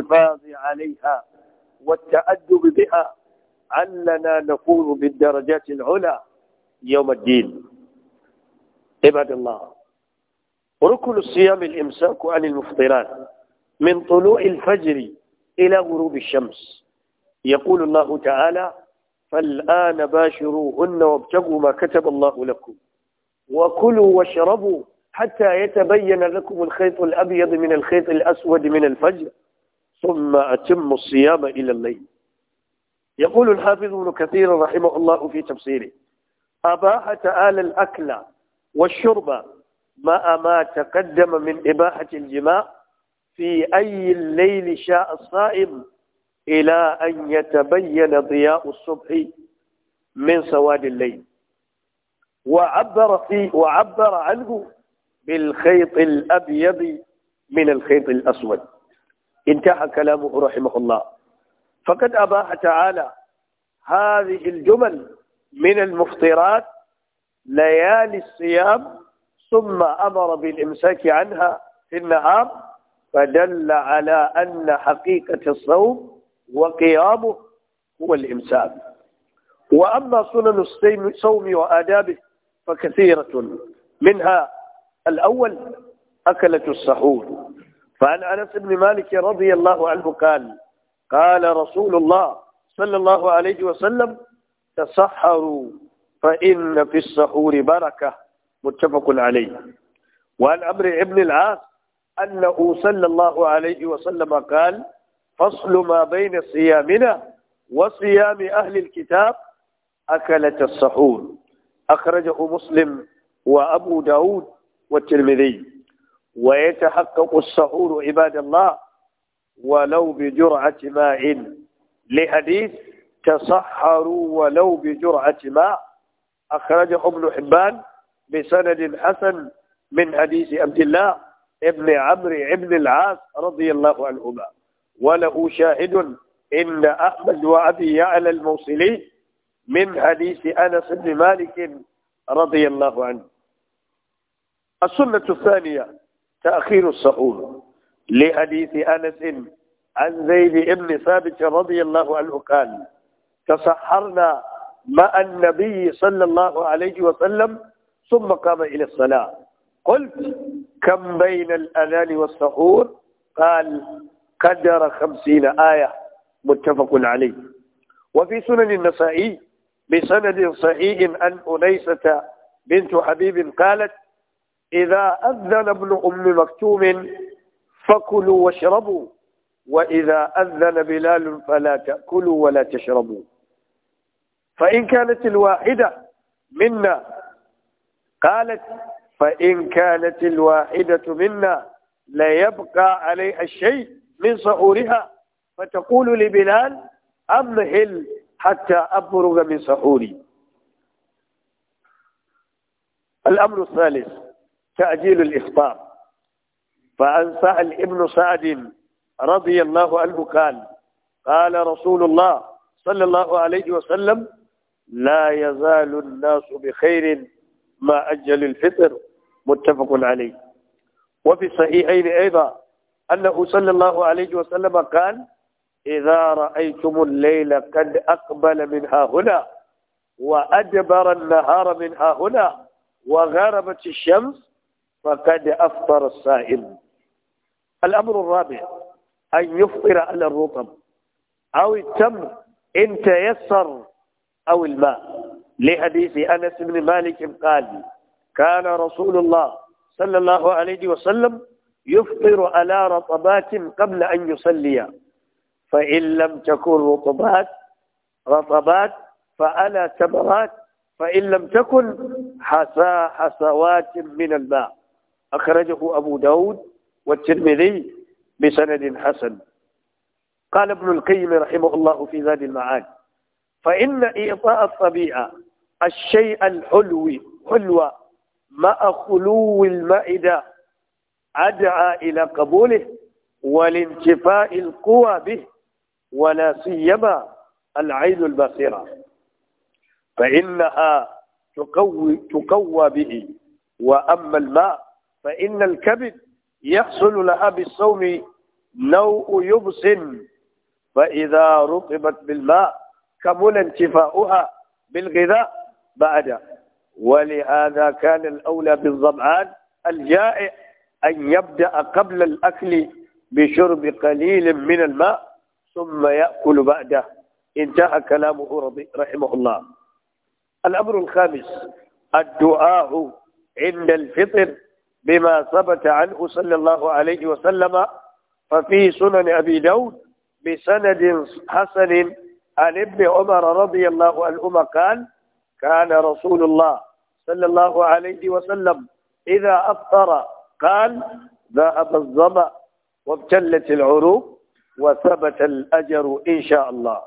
الحفاظ عليها والتأدب بها علنا نفوز بالدرجات العلى يوم الدين عباد الله ركن الصيام الإمساك عن المفطرات من طلوع الفجر إلى غروب الشمس يقول الله تعالى فالآن باشروهن وابتغوا ما كتب الله لكم وكلوا واشربوا حتى يتبين لكم الخيط الأبيض من الخيط الأسود من الفجر ثم أتم الصيام إلى الليل يقول الحافظ ابن كثير رحمه الله في تفسيره أباح تآل الأكل والشرب ما ما تقدم من إباحة الجماع في أي الليل شاء الصائم إلى أن يتبين ضياء الصبح من سواد الليل وعبر فيه وعبر عنه بالخيط الأبيض من الخيط الأسود انتهى كلامه رحمه الله فقد أباح تعالى هذه الجمل من المفطرات ليالي الصيام ثم أمر بالإمساك عنها في النهار فدل على أن حقيقة الصوم وقيامه هو الإمساك وأما سنن الصوم وآدابه فكثيرة منها الأول أكلة السحور فعن أنس بن مالك رضي الله عنه قال قال رسول الله صلى الله عليه وسلم تسحروا فإن في السحور بركة متفق عليه وعن أمر ابن العاص أنه صلى الله عليه وسلم قال فصل ما بين صيامنا وصيام أهل الكتاب أكلة السحور أخرجه مسلم وأبو داود والترمذي ويتحقق السحور عباد الله ولو بجرعة ماء لحديث تصحروا ولو بجرعة ماء أخرجه ابن حبان بسند حسن من حديث عبد الله ابن عمرو بن العاص رضي الله عنهما وله شاهد إن أحمد وأبي يعلى الموصلي من حديث أنس بن مالك رضي الله عنه السنة الثانية تأخير الصعود لحديث أنس عن زيد بن ثابت رضي الله عنه قال تسحرنا مع النبي صلى الله عليه وسلم ثم قام إلى الصلاة قلت كم بين الأذان والسحور قال قدر خمسين آية متفق عليه وفي سنن النسائي بسند صحيح أن أنيسة بنت حبيب قالت إذا أذن ابن أم مكتوم فكلوا واشربوا وإذا أذن بلال فلا تأكلوا ولا تشربوا فإن كانت الواحدة منا قالت فإن كانت الواحدة منا ليبقى عليها الشيء من صحورها فتقول لبلال أمهل حتى أفرغ من صحوري الأمر الثالث تعجيل الإفطار فعن ابن سعد رضي الله عنه قال قال رسول الله صلى الله عليه وسلم لا يزال الناس بخير ما أجل الفطر متفق عليه وفي الصحيحين أيضا أنه صلى الله عليه وسلم قال إذا رأيتم الليل قد أقبل منها هنا وأدبر النهار منها هنا وغربت الشمس فقد أفطر الصائم الأمر الرابع أن يفطر على الرطب أو التمر إن تيسر أو الماء لحديث أنس بن مالك قال كان رسول الله صلى الله عليه وسلم يفطر على رطبات قبل أن يصلي فإن لم تكن رطبات رطبات فألا تمرات فإن لم تكن حسا حسوات من الماء أخرجه أبو داود والترمذي بسند حسن قال ابن القيم رحمه الله في ذات المعاد فإن إعطاء الطبيعة الشيء الحلو حلو مع خلو المائدة أدعى إلى قبوله والانتفاء القوى به ولا سيما العين البصيرة فإنها تقوي, تقوى به وأما الماء فإن الكبد يحصل لها بالصوم نوء يبس فإذا رطبت بالماء كمل انتفاؤها بالغذاء بعد ولهذا كان الأولى بالظمآن الجائع أن يبدأ قبل الأكل بشرب قليل من الماء ثم يأكل بعده انتهى كلامه رحمه الله الأمر الخامس الدعاء عند الفطر بما ثبت عنه صلى الله عليه وسلم ففي سنن أبي داود بسند حسن عن ابن عمر رضي الله عنهما قال كان رسول الله صلى الله عليه وسلم إذا أفطر قال ذهب الظمأ وابتلت العروق وثبت الأجر إن شاء الله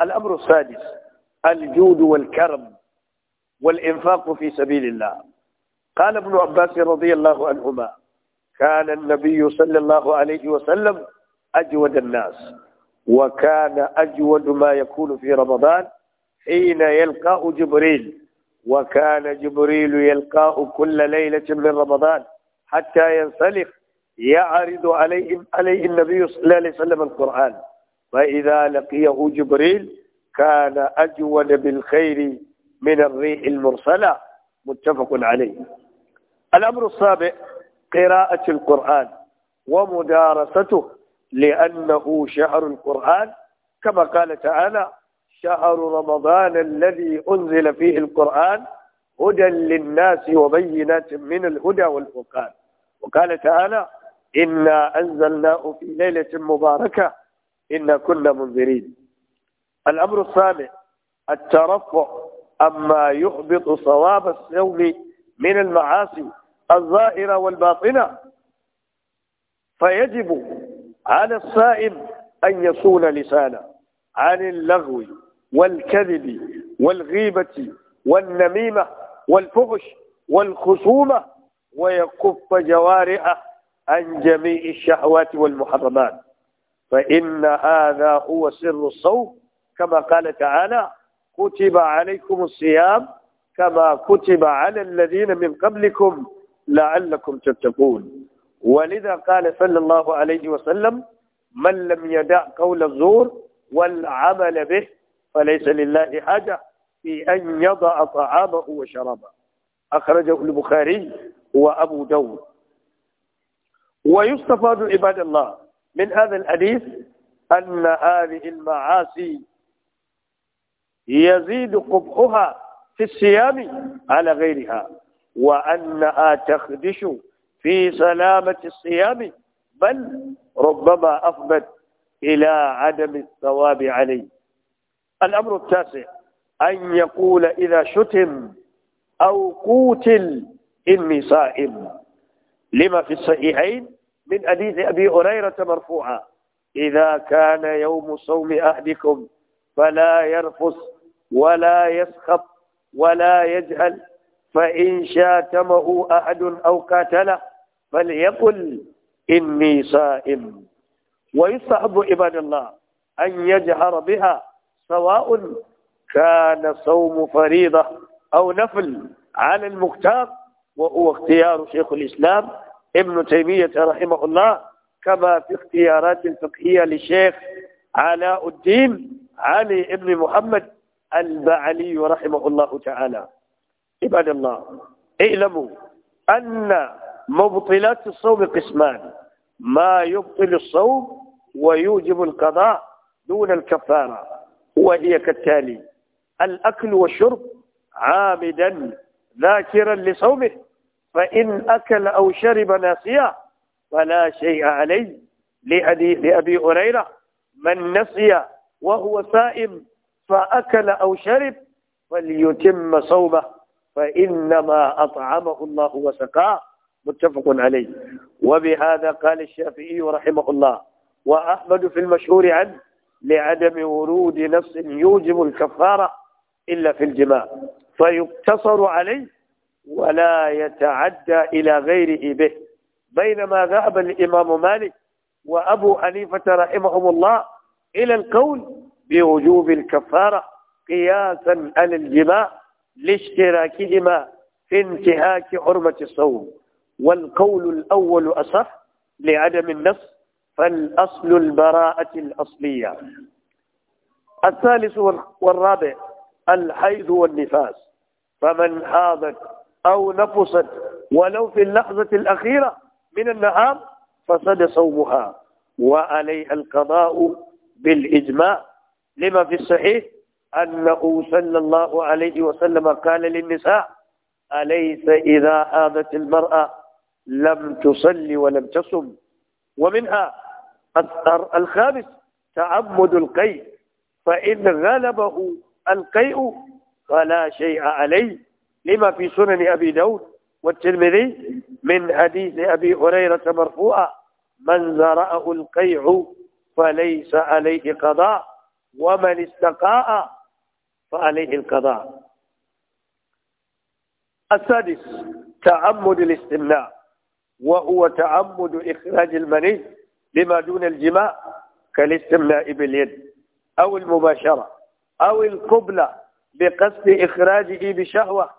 الأمر السادس الجود والكرم والإنفاق في سبيل الله قال ابن عباس رضي الله عنهما كان النبي صلى الله عليه وسلم أجود الناس وكان أجود ما يكون في رمضان حين يلقاه جبريل وكان جبريل يلقاه كل ليلة من رمضان حتى ينسلخ يعرض عليه عليه النبي صلى الله عليه وسلم القرآن فإذا لقيه جبريل كان أجود بالخير من الريح المرسلة متفق عليه الأمر السابع قراءة القرآن ومدارسته لأنه شهر القرآن كما قال تعالى شهر رمضان الذي أنزل فيه القرآن هدى للناس وبينات من الهدى والفرقان وقال تعالى إنا أنزلناه في ليلة مباركة إنا كنا منذرين الأمر الثاني الترفع أما يحبط صواب السول من المعاصي الظاهرة والباطنة فيجب على الصائم أن يصون لسانه عن اللغو والكذب والغيبة والنميمة والفغش والخصومة ويكف جوارحه عن جميع الشهوات والمحرمات فإن هذا هو سر الصوم كما قال تعالى كتب عليكم الصيام كما كتب على الذين من قبلكم لعلكم تتقون ولذا قال صلى الله عليه وسلم من لم يدع قول الزور والعمل به فليس لله حاجة في أن يضع طعامه وشرابه أخرجه البخاري وأبو داود ويستفاد عباد الله من هذا الحديث أن هذه المعاصي يزيد قبحها في الصيام على غيرها وأنها تخدش في سلامة الصيام بل ربما أفضت إلى عدم الثواب عليه الأمر التاسع أن يقول إذا شتم أو قوتل إني صائم لما في الصحيحين من حديث أبي هريرة مرفوعا إذا كان يوم صوم أحدكم فلا يرفث ولا يسخط ولا يجهل فإن شاتمه أحد أو قاتله فليقل إني صائم ويستحب عباد الله أن يجهر بها سواء كان صوم فريضة أو نفل على المختار وهو اختيار شيخ الإسلام ابن تيمية رحمه الله كما في اختيارات الفقهية للشيخ علاء الدين علي ابن محمد البعلي رحمه الله تعالى عباد الله اعلموا أن مبطلات الصوم قسمان ما يبطل الصوم ويوجب القضاء دون الكفارة وهي كالتالي الأكل والشرب عامدا ذاكرا لصومه فإن أكل أو شرب ناسيا فلا شيء عليه لأبي هريرة من نسي وهو سائم فأكل أو شرب فليتم صومه فإنما أطعمه الله وسقاه متفق عليه وبهذا قال الشافعي رحمه الله وأحمد في المشهور عنه لعدم ورود نفس يوجب الكفارة إلا في الجماع فيقتصر عليه ولا يتعدى إلى غيره به بينما ذهب الإمام مالك وأبو حنيفة رحمهم الله إلى القول بوجوب الكفارة قياسا على الجماع لاشتراكهما في انتهاك حرمة الصوم والقول الأول أصح لعدم النص فالأصل البراءة الأصلية الثالث والرابع الحيض والنفاس فمن حاضت أو نفست ولو في اللحظة الأخيرة من النهار فسد صومها وعليها القضاء بالإجماع لما في الصحيح أنه صلى الله عليه وسلم قال للنساء أليس إذا آذت المرأة لم تصلي ولم تصم ومنها الخامس تعمد القيء فإن غلبه القيء فلا شيء عليه لما في سنن أبي داود والترمذي من حديث أبي هريرة مرفوعا من زرأه القيع فليس عليه قضاء ومن استقاء فعليه القضاء السادس تعمد الاستمناء وهو تعمد إخراج المني لما دون الجماع كالاستمناء باليد أو المباشرة أو القبلة بقصد إخراجه بشهوة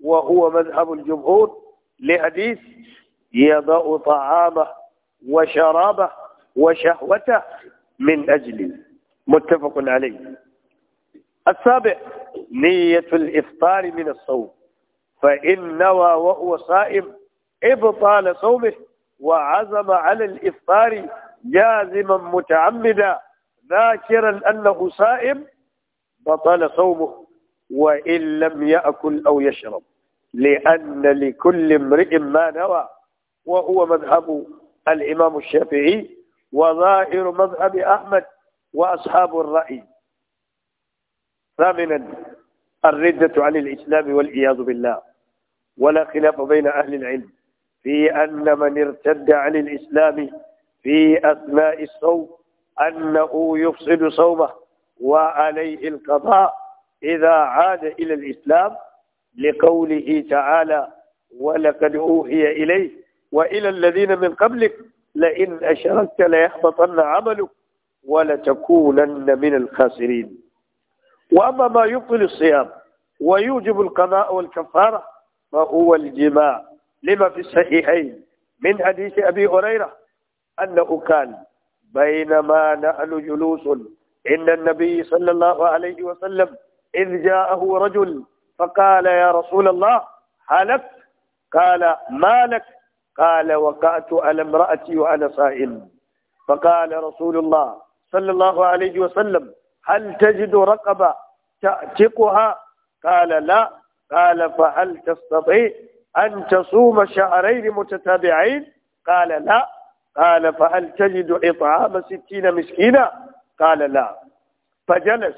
وهو مذهب الجمهور لحديث يضع طعامه وشرابه وشهوته من أجله متفق عليه السابع نية الإفطار من الصوم فإن نوى وهو صائم إبطال صومه وعزم على الإفطار جازما متعمدا ذاكرا أنه صائم بطل صومه وإن لم يأكل أو يشرب لأن لكل امرئ ما نوى وهو مذهب الإمام الشافعي وظاهر مذهب أحمد وأصحاب الرأي ثامنا الردة عن الإسلام والعياذ بالله ولا خلاف بين أهل العلم في أن من ارتد عن الإسلام في أثناء الصوم أنه يفسد صومه وعليه القضاء إذا عاد إلى الإسلام لقوله تعالى ولقد أوحي إليه وإلى الذين من قبلك لئن أشركت ليحبطن عملك ولتكونن من الخاسرين وأما ما يبطل الصيام ويوجب القضاء والكفارة فهو الجماع لما في الصحيحين من حديث أبي هريرة أنه كان بينما نحن جلوس إن النبي صلى الله عليه وسلم إذ جاءه رجل فقال يا رسول الله هلك قال ما لك قال وقعت على امرأتي وأنا صائم فقال رسول الله صلى الله عليه وسلم هل تجد رقبة تعتقها قال لا قال فهل تستطيع أن تصوم شهرين متتابعين قال لا قال فهل تجد إطعام ستين مسكينا قال لا فجلس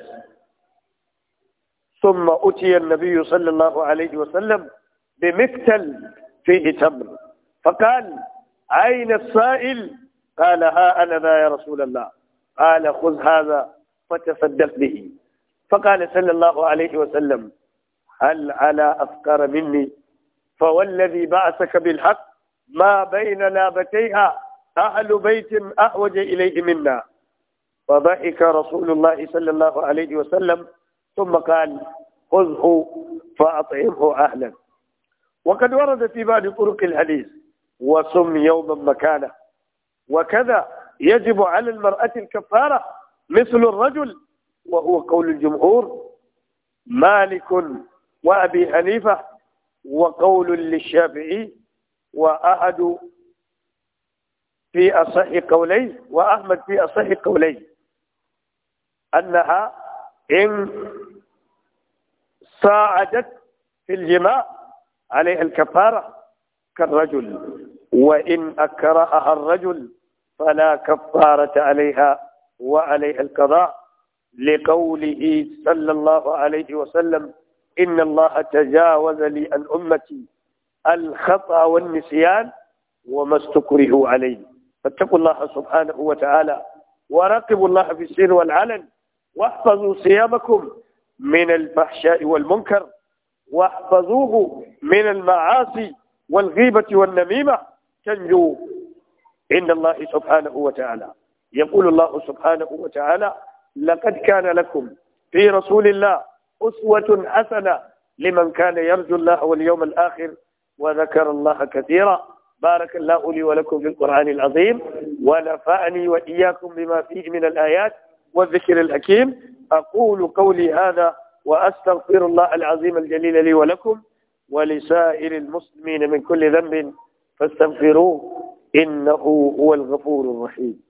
ثم أتي النبي صلى الله عليه وسلم بمكتل فيه تمر فقال أين السائل قال ها أنا ذا يا رسول الله قال خذ هذا فتصدق به فقال صلى الله عليه وسلم هل على أفقر مني فوالذي بعثك بالحق ما بين لابتيها أهل بيت أحوج إليه منا فضحك رسول الله صلى الله عليه وسلم ثم قال خذه فأطعمه أهلا وقد ورد في بعض طرق الحديث وسم يوما مكانه وكذا يجب على المرأة الكفارة مثل الرجل وهو قول الجمهور مالك وأبي حنيفة وقول للشافعي وأحد في أصح قوليه وأحمد في أصح قوليه أنها إن ساعدت في الجماع عليها الكفارة كالرجل وإن أكرهها الرجل فلا كفارة عليها وعليها القضاء لقوله صلى الله عليه وسلم إن الله تجاوز لي عن أمتي الخطأ والنسيان وما استكرهوا عليه فاتقوا الله سبحانه وتعالى وراقبوا الله في السر والعلن واحفظوا صيامكم من الفحشاء والمنكر واحفظوه من المعاصي والغيبة والنميمة تنجو عند الله سبحانه وتعالى يقول الله سبحانه وتعالى لقد كان لكم في رسول الله أسوة حسنة لمن كان يرجو الله واليوم الآخر وذكر الله كثيرا بارك الله لي ولكم في القرآن العظيم ونفعني وإياكم بما فيه من الآيات والذكر الحكيم أقول قولي هذا وأستغفر الله العظيم الجليل لي ولكم ولسائر المسلمين من كل ذنب فاستغفروه إنه هو الغفور الرحيم